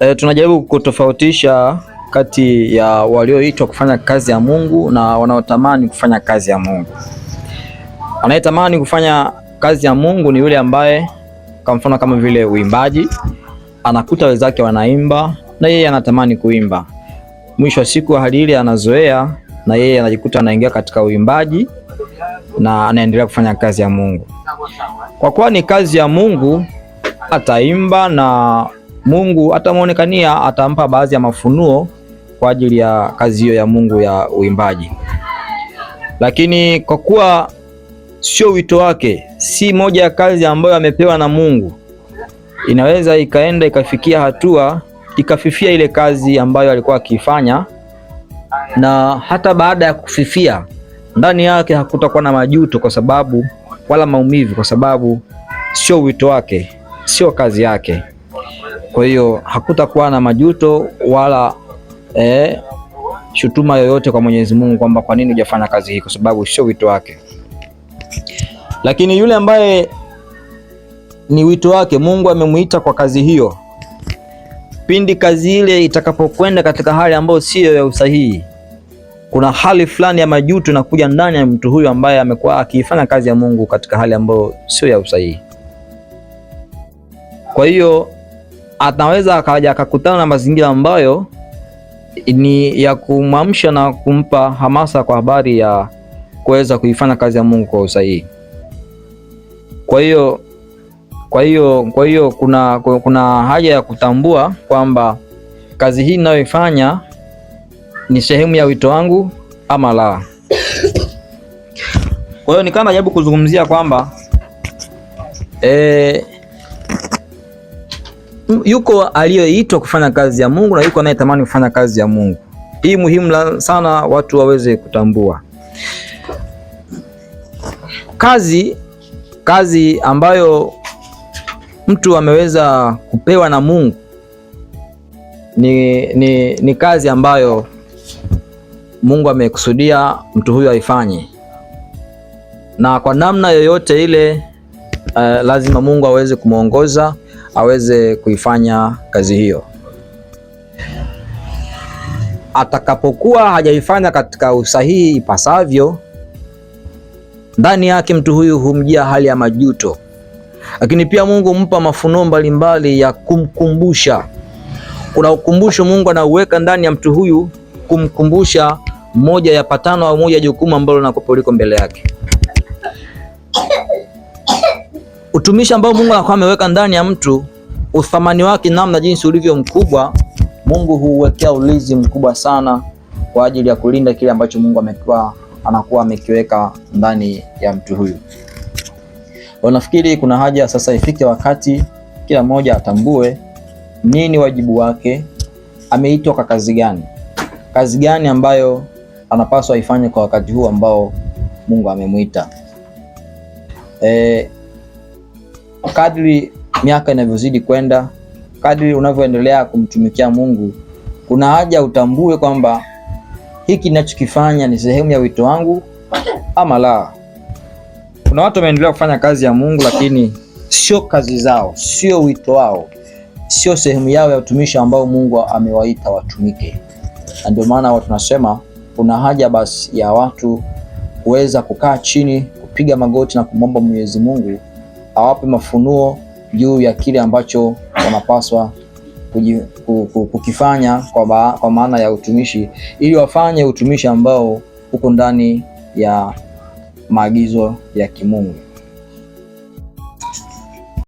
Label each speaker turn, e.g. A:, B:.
A: e, tunajaribu kutofautisha kati ya walioitwa kufanya kazi ya Mungu na wanaotamani kufanya kazi ya Mungu. Anayetamani kufanya kazi ya Mungu ni yule ambaye, kwa mfano, kama vile uimbaji, anakuta wenzake wanaimba na yeye anatamani kuimba. Mwisho wa siku hali ile anazoea, na yeye anajikuta anaingia katika uimbaji na anaendelea kufanya kazi ya Mungu. Kwa kuwa ni kazi ya Mungu, ataimba na Mungu atamwonekania, atampa baadhi ya mafunuo kwa ajili ya kazi hiyo ya Mungu ya uimbaji. Lakini kwa kuwa sio wito wake, si moja ya kazi ambayo amepewa na Mungu, inaweza ikaenda ikafikia hatua ikafifia ile kazi ambayo alikuwa akiifanya, na hata baada ya kufifia ndani yake hakutakuwa na majuto kwa sababu wala maumivu, kwa sababu sio wito wake, sio kazi yake. Kwa hiyo hakutakuwa na majuto wala eh, shutuma yoyote kwa Mwenyezi Mungu kwamba kwa nini hujafanya kazi hii, kwa sababu sio wito wake. Lakini yule ambaye ni wito wake, Mungu amemwita kwa kazi hiyo, pindi kazi ile itakapokwenda katika hali ambayo siyo ya usahihi, kuna hali fulani ya majuto na kuja ndani ya mtu huyu ambaye amekuwa akiifanya kazi ya Mungu katika hali ambayo sio ya usahihi. Kwa hiyo anaweza akaja akakutana na mazingira ambayo ni ya kumwamsha na kumpa hamasa kwa habari ya kuweza kuifanya kazi ya Mungu kwa usahihi. Kwa hiyo kwa hiyo kwa hiyo kuna, kuna haja ya kutambua kwamba kazi hii ninayoifanya ni sehemu ya wito wangu ama la. Kwa hiyo nikawa najaribu kuzungumzia kwamba e, yuko aliyeitwa kufanya kazi ya Mungu na yuko anayetamani kufanya kazi ya Mungu. Hii muhimu sana watu waweze kutambua. Kazi kazi ambayo mtu ameweza kupewa na Mungu ni, ni, ni kazi ambayo Mungu amekusudia mtu huyu aifanye, na kwa namna yoyote ile uh, lazima Mungu aweze kumwongoza aweze kuifanya kazi hiyo. Atakapokuwa hajaifanya katika usahihi ipasavyo, ndani yake mtu huyu humjia hali ya majuto, lakini pia Mungu humpa mafunuo mbalimbali ya kumkumbusha. Kuna ukumbusho Mungu anauweka ndani ya mtu huyu kumkumbusha moja ya patano au moja ya jukumu ambalo linakuwa liko mbele yake. Utumishi ambao Mungu anakuwa ameweka ndani ya mtu, uthamani wake namna jinsi ulivyo mkubwa, Mungu huuwekea ulinzi mkubwa sana kwa ajili ya kulinda kile ambacho Mungu amekuwa anakuwa amekiweka ndani ya mtu huyu. Wanafikiri kuna haja sasa ifike wakati kila mmoja atambue nini wajibu wake, ameitwa kwa kazi gani, kazi gani ambayo anapaswa ifanye kwa wakati huu ambao Mungu amemwita. E, kadri miaka inavyozidi kwenda, kadri unavyoendelea kumtumikia Mungu, kuna haja utambue kwamba hiki ninachokifanya ni sehemu ya wito wangu ama la. Kuna watu wameendelea kufanya kazi ya Mungu, lakini sio kazi zao, sio wito wao, sio sehemu yao ya utumishi ambao Mungu amewaita watumike. Na ndio maana watu nasema kuna haja basi ya watu kuweza kukaa chini, kupiga magoti na kumwomba Mwenyezi Mungu awape mafunuo juu ya kile ambacho wanapaswa kukifanya kwa, ba, kwa maana ya utumishi ili wafanye utumishi ambao uko ndani ya maagizo ya kimungu.